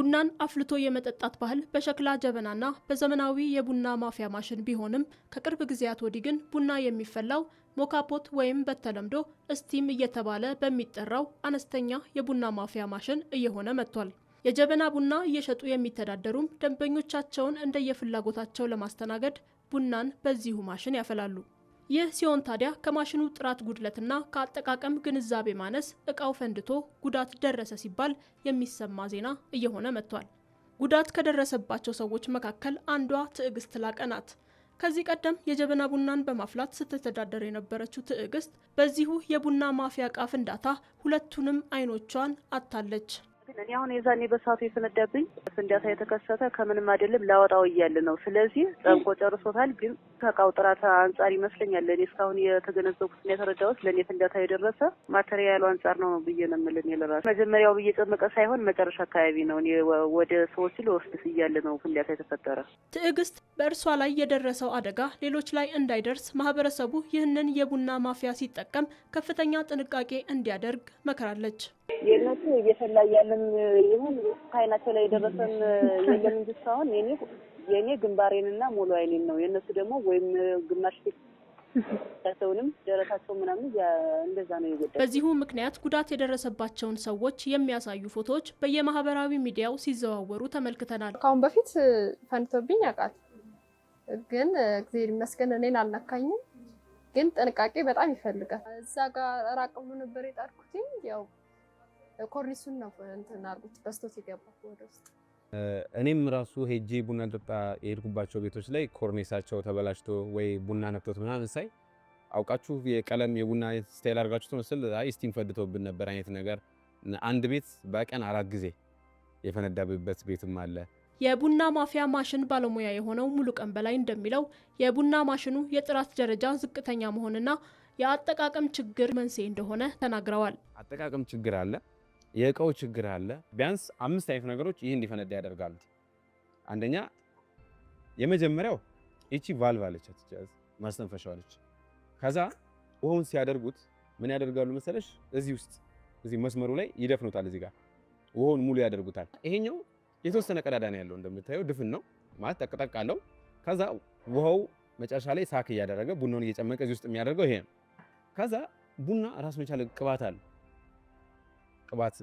ቡናን አፍልቶ የመጠጣት ባህል በሸክላ ጀበናና በዘመናዊ የቡና ማፍያ ማሽን ቢሆንም ከቅርብ ጊዜያት ወዲህ ግን ቡና የሚፈላው ሞካፖት ወይም በተለምዶ እስቲም እየተባለ በሚጠራው አነስተኛ የቡና ማፍያ ማሽን እየሆነ መጥቷል። የጀበና ቡና እየሸጡ የሚተዳደሩም ደንበኞቻቸውን እንደየፍላጎታቸው ለማስተናገድ ቡናን በዚሁ ማሽን ያፈላሉ። ይህ ሲሆን ታዲያ ከማሽኑ ጥራት ጉድለትና ከአጠቃቀም ግንዛቤ ማነስ እቃው ፈንድቶ ጉዳት ደረሰ ሲባል የሚሰማ ዜና እየሆነ መጥቷል። ጉዳት ከደረሰባቸው ሰዎች መካከል አንዷ ትዕግስት ላቀ ናት። ከዚህ ቀደም የጀበና ቡናን በማፍላት ስትተዳደር የነበረችው ትዕግስት በዚሁ የቡና ማፍያ ዕቃ ፍንዳታ ሁለቱንም አይኖቿን አታለች። ግን እኔ አሁን የዛኔ በሳቱ የፈነዳብኝ ፍንዳታ የተከሰተ ከምንም አይደለም ላወጣው እያለ ነው። ስለዚህ ጠንቆ ጨርሶታል። ግን ከእቃው ጥራት አንጻር ይመስለኛል ለእኔ እስካሁን የተገነዘብኩት እና የተረዳሁት ለእኔ ፍንዳታ የደረሰ ማቴሪያሉ አንጻር ነው ብዬ ነው የምልህ። ለራሱ መጀመሪያው ብዬ ጨመቀ ሳይሆን መጨረሻ አካባቢ ነው እኔ ወደ ሰዎች ልወስድ እያለ ነው ፍንዳታ የተፈጠረ። ትዕግስት በእርሷ ላይ የደረሰው አደጋ ሌሎች ላይ እንዳይደርስ ማህበረሰቡ ይህንን የቡና ማፍያ ሲጠቀም ከፍተኛ ጥንቃቄ እንዲያደርግ መክራለች። የእነሱ እየፈላ ያለን ይሁን ከአይናቸው ላይ የደረሰን የለም እንጂ እስካሁን የኔ የእኔ ግንባሬንና ሙሉ አይኔን ነው። የእነሱ ደግሞ ወይም ግማሽ ፊት ሰውንም ደረሳቸው ምናምን እንደዛ ነው የጎዳ። በዚሁ ምክንያት ጉዳት የደረሰባቸውን ሰዎች የሚያሳዩ ፎቶዎች በየማህበራዊ ሚዲያው ሲዘዋወሩ ተመልክተናል። ካሁን በፊት ፈንቶብኝ ያውቃል፣ ግን እግዚአብሔር ይመስገን እኔን አልነካኝም። ግን ጥንቃቄ በጣም ይፈልጋል። እዛ ጋር ራቅ ብሎ ነበር የጣርኩትኝ ያው ኮርኒሱን ነው እንትን አድርጎት በስቶት የገባው ወደ ውስጥ። እኔም ራሱ ሄጄ ቡና ጠጣ የሄድኩባቸው ቤቶች ላይ ኮርኔሳቸው ተበላሽቶ ወይ ቡና ነክቶት ምናምን ሳይ አውቃችሁ የቀለም የቡና ስታይል አድርጋችሁት መስል ስቲም ፈድቶብን ነበር አይነት ነገር። አንድ ቤት በቀን አራት ጊዜ የፈነዳብበት ቤትም አለ። የቡና ማፊያ ማሽን ባለሙያ የሆነው ሙሉ ቀን በላይ እንደሚለው የቡና ማሽኑ የጥራት ደረጃ ዝቅተኛ መሆንና የአጠቃቀም ችግር መንስኤ እንደሆነ ተናግረዋል። አጠቃቀም ችግር አለ። የእቃው ችግር አለ። ቢያንስ አምስት አይነት ነገሮች ይህ እንዲፈነዳ ያደርጋሉ። አንደኛ የመጀመሪያው ይቺ ቫልቭ አለች፣ ማስተንፈሻ አለች። ከዛ ውሃውን ሲያደርጉት ምን ያደርጋሉ መሰለሽ? እዚህ ውስጥ እዚህ መስመሩ ላይ ይደፍኑታል። እዚህ ጋር ውሃውን ሙሉ ያደርጉታል። ይሄኛው የተወሰነ ቀዳዳ ነው ያለው እንደምታየው፣ ድፍን ነው ማለት ጠቅጠቅ አለው። ከዛ ውሃው መጨረሻ ላይ ሳክ እያደረገ ቡናውን እየጨመቀ እዚህ ውስጥ የሚያደርገው ይሄ ነው። ከዛ ቡና ራስ መቻል ቅባት አለ ቅባት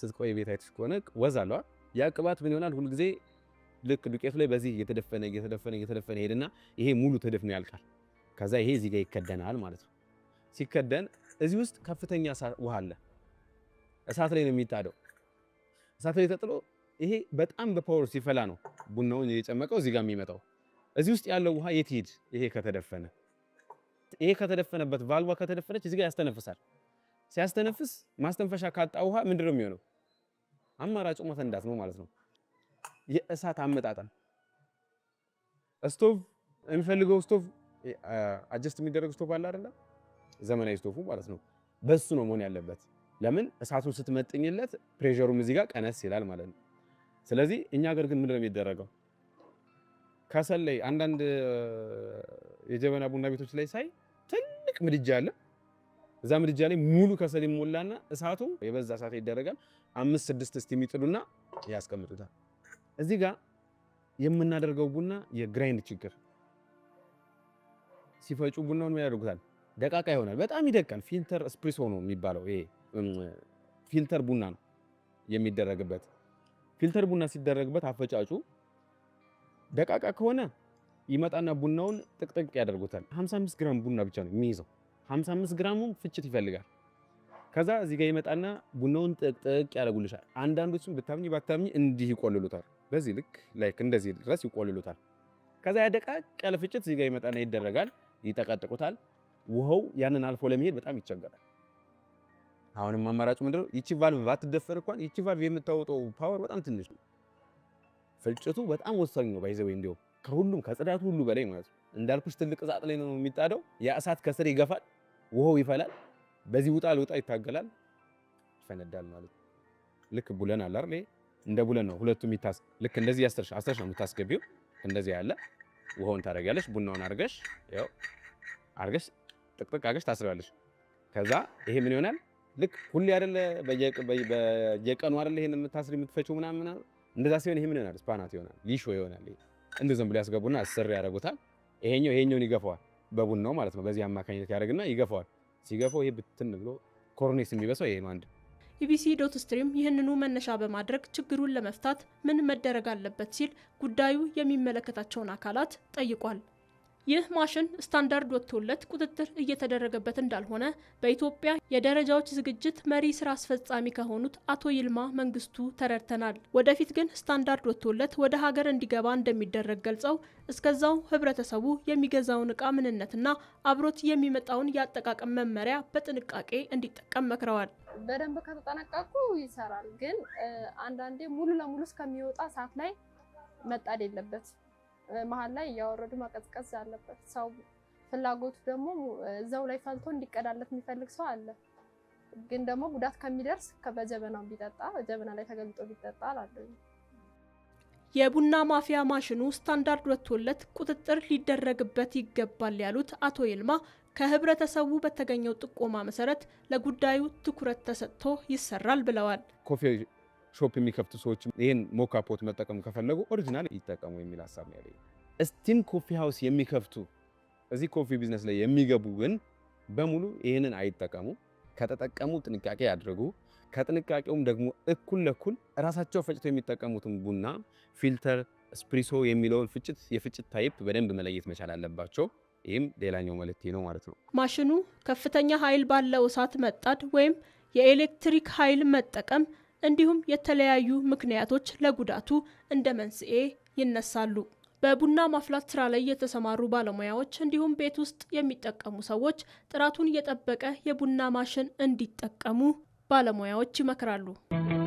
ስትቆይ ቤታይቶች ከሆነ ወዝ አለዋል። ያ ቅባት ምን ይሆናል? ሁልጊዜ ልክ ዱቄቱ ላይ በዚህ እየተደፈነ እየተደፈነ እየተደፈነ ሄድና ይሄ ሙሉ ተደፍኖ ያልቃል። ከዛ ይሄ እዚህ ጋር ይከደናል ማለት ነው። ሲከደን እዚህ ውስጥ ከፍተኛ ውሃ አለ። እሳት ላይ ነው የሚጣደው። እሳት ላይ ተጥሎ ይሄ በጣም በፓወር ሲፈላ ነው ቡናውን የጨመቀው እዚህ ጋር የሚመጣው። እዚህ ውስጥ ያለው ውሃ የት ሄድ ይሄ ከተደፈነ ይሄ ከተደፈነበት ቫልቫ ከተደፈነች እዚህ ጋር ያስተነፍሳል። ሲያስተነፍስ ማስተንፈሻ ካጣ ውሃ ምንድን ነው የሚሆነው? አማራጩ መፈንዳት ነው ማለት ነው። የእሳት አመጣጠን ስቶቭ የሚፈልገው ስቶቭ አጀስት የሚደረግ ስቶቭ አለ አይደለ? ዘመናዊ ስቶቭ ማለት ነው። በሱ ነው መሆን ያለበት። ለምን እሳቱን ስትመጥኝለት ፕሬሸሩም እዚህ ጋር ቀነስ ይላል ማለት ነው። ስለዚህ እኛ ሀገር ግን ምንድነው የሚደረገው? ከሰል ላይ አንዳንድ የጀበና ቡና ቤቶች ላይ ሳይ ትልቅ ምድጃ አለ እዛ ምድጃ ላይ ሙሉ ከሰል ይሞላና እሳቱ የበዛ እሳት ይደረጋል። አምስት ስድስት እስቲ የሚጥሉና ያስቀምጡታል። እዚህ ጋር የምናደርገው ቡና የግራይንድ ችግር ሲፈጩ ቡናውን ያደርጉታል ደቃቃ ይሆናል። በጣም ይደቃል። ፊልተር ስፕሪሶ ነው የሚባለው። ይሄ ፊልተር ቡና ነው የሚደረግበት። ፊልተር ቡና ሲደረግበት አፈጫጩ ደቃቃ ከሆነ ይመጣና ቡናውን ጥቅጥቅ ያደርጉታል። 55 ግራም ቡና ብቻ ነው የሚይዘው። 55 ግራሙም ፍጭት ይፈልጋል። ከዛ እዚህ ጋር ይመጣና ቡናውን ጥቅጥቅ ያደርጉልሻል። አንዳንዶቹም ብታምኝ ባታምኝ እንዲህ ይቆልሉታል። በዚህ ልክ ላይክ እንደዚህ ድረስ ይቆልሉታል። ከዛ ያደቃቅ ያለ ፍጭት እዚህ ጋር ይመጣና ይደረጋል፣ ይጠቀጥቁታል። ውሃው ያንን አልፎ ለመሄድ በጣም ይቸገራል። አሁንም አማራጭ ምንድነው? ይቺ ቫልቭ ባትደፈር እንኳን ይቺ ቫልቭ የምታወጣው ፓወር በጣም ትንሽ ነው። ፍልጭቱ በጣም ወሳኝ ነው። ባይዘው እንዲሁ ከሁሉም ከጽዳቱ ሁሉ በላይ ማለት ነው። እንዳልኩሽ ትልቅ እሳት ላይ ነው የሚጣደው። ያ እሳት ከስር ይገፋል ውሃው ይፈላል። በዚህ ውጣ ልውጣ ይታገላል፣ ይፈነዳል ማለት ነው። ልክ ቡለን አለ አይደል? እንደ ቡለን ነው ሁለቱም ይታስ ልክ እንደዚህ ያስተርሽ አስተርሽ ነው የምታስገቢው። እንደዚህ ያለ ውሃውን ታደርጊያለሽ። ቡናውን አድርገሽ ያው አድርገሽ ጥቅጥቅ አድርገሽ ታስሪያለሽ። ከዛ ይሄ ምን ይሆናል? ልክ ሁሌ አይደለ በየቀኑ አይደለ ይሄን የምታስሪ የምትፈጪው ምናምን ምናምን እንደዛ ሲሆን ይሄ ምን ይሆናል? ስፓናት ይሆናል፣ ሊሾ ይሆናል። ይሄ እንደዚህም ብሎ ያስገቡና አስር ያደርጉታል። ይሄኛው ይሄኛውን ይገፋዋል። በቡናው ማለት ነው። በዚህ አማካኝነት ያደርግና ይገፋዋል። ሲገፋው ይሄ ብትን ብሎ ኮርኔስ የሚበሳው ይሄ ነው። አንድ ኢቢሲ ዶት ስትሪም ይህንኑ መነሻ በማድረግ ችግሩን ለመፍታት ምን መደረግ አለበት ሲል ጉዳዩ የሚመለከታቸውን አካላት ጠይቋል። ይህ ማሽን ስታንዳርድ ወጥቶለት ቁጥጥር እየተደረገበት እንዳልሆነ በኢትዮጵያ የደረጃዎች ዝግጅት መሪ ስራ አስፈጻሚ ከሆኑት አቶ ይልማ መንግስቱ ተረድተናል። ወደፊት ግን ስታንዳርድ ወጥቶለት ወደ ሀገር እንዲገባ እንደሚደረግ ገልጸው እስከዛው ህብረተሰቡ የሚገዛውን እቃ ምንነትና አብሮት የሚመጣውን የአጠቃቀም መመሪያ በጥንቃቄ እንዲጠቀም መክረዋል። በደንብ ከተጠነቀቁ ይሰራል። ግን አንዳንዴ ሙሉ ለሙሉ እስከሚወጣ ሰዓት ላይ መጣድ የለበት መሀል ላይ እያወረዱ መቀዝቀዝ አለበት። ሰው ፍላጎቱ ደግሞ እዛው ላይ ፈልቶ እንዲቀዳለት የሚፈልግ ሰው አለ። ግን ደግሞ ጉዳት ከሚደርስ በጀበናው ቢጠጣ ጀበና ላይ ተገልጦ ቢጠጣ አላለኝ። የቡና ማፍያ ማሽኑ ስታንዳርድ ወጥቶለት ቁጥጥር ሊደረግበት ይገባል ያሉት አቶ ይልማ ከህብረተሰቡ በተገኘው ጥቆማ መሰረት ለጉዳዩ ትኩረት ተሰጥቶ ይሰራል ብለዋል። ኮፊ ሾፕ የሚከፍቱ ሰዎች ይህን ሞካ ፖት መጠቀም ከፈለጉ ኦሪጂናል ይጠቀሙ የሚል ሀሳብ ነው ያለኝ። እስቲም ኮፊ ሃውስ የሚከፍቱ እዚህ ኮፊ ቢዝነስ ላይ የሚገቡ ግን በሙሉ ይህንን አይጠቀሙ። ከተጠቀሙ ጥንቃቄ ያድርጉ። ከጥንቃቄውም ደግሞ እኩል ለኩል ራሳቸው ፈጭተው የሚጠቀሙትን ቡና ፊልተር፣ ስፕሪሶ የሚለውን ፍጭት የፍጭት ታይፕ በደንብ መለየት መቻል አለባቸው። ይህም ሌላኛው መልእክቴ ነው ማለት ነው። ማሽኑ ከፍተኛ ኃይል ባለው እሳት መጣድ ወይም የኤሌክትሪክ ኃይል መጠቀም እንዲሁም የተለያዩ ምክንያቶች ለጉዳቱ እንደ መንስኤ ይነሳሉ። በቡና ማፍላት ስራ ላይ የተሰማሩ ባለሙያዎች እንዲሁም ቤት ውስጥ የሚጠቀሙ ሰዎች ጥራቱን የጠበቀ የቡና ማሽን እንዲጠቀሙ ባለሙያዎች ይመክራሉ።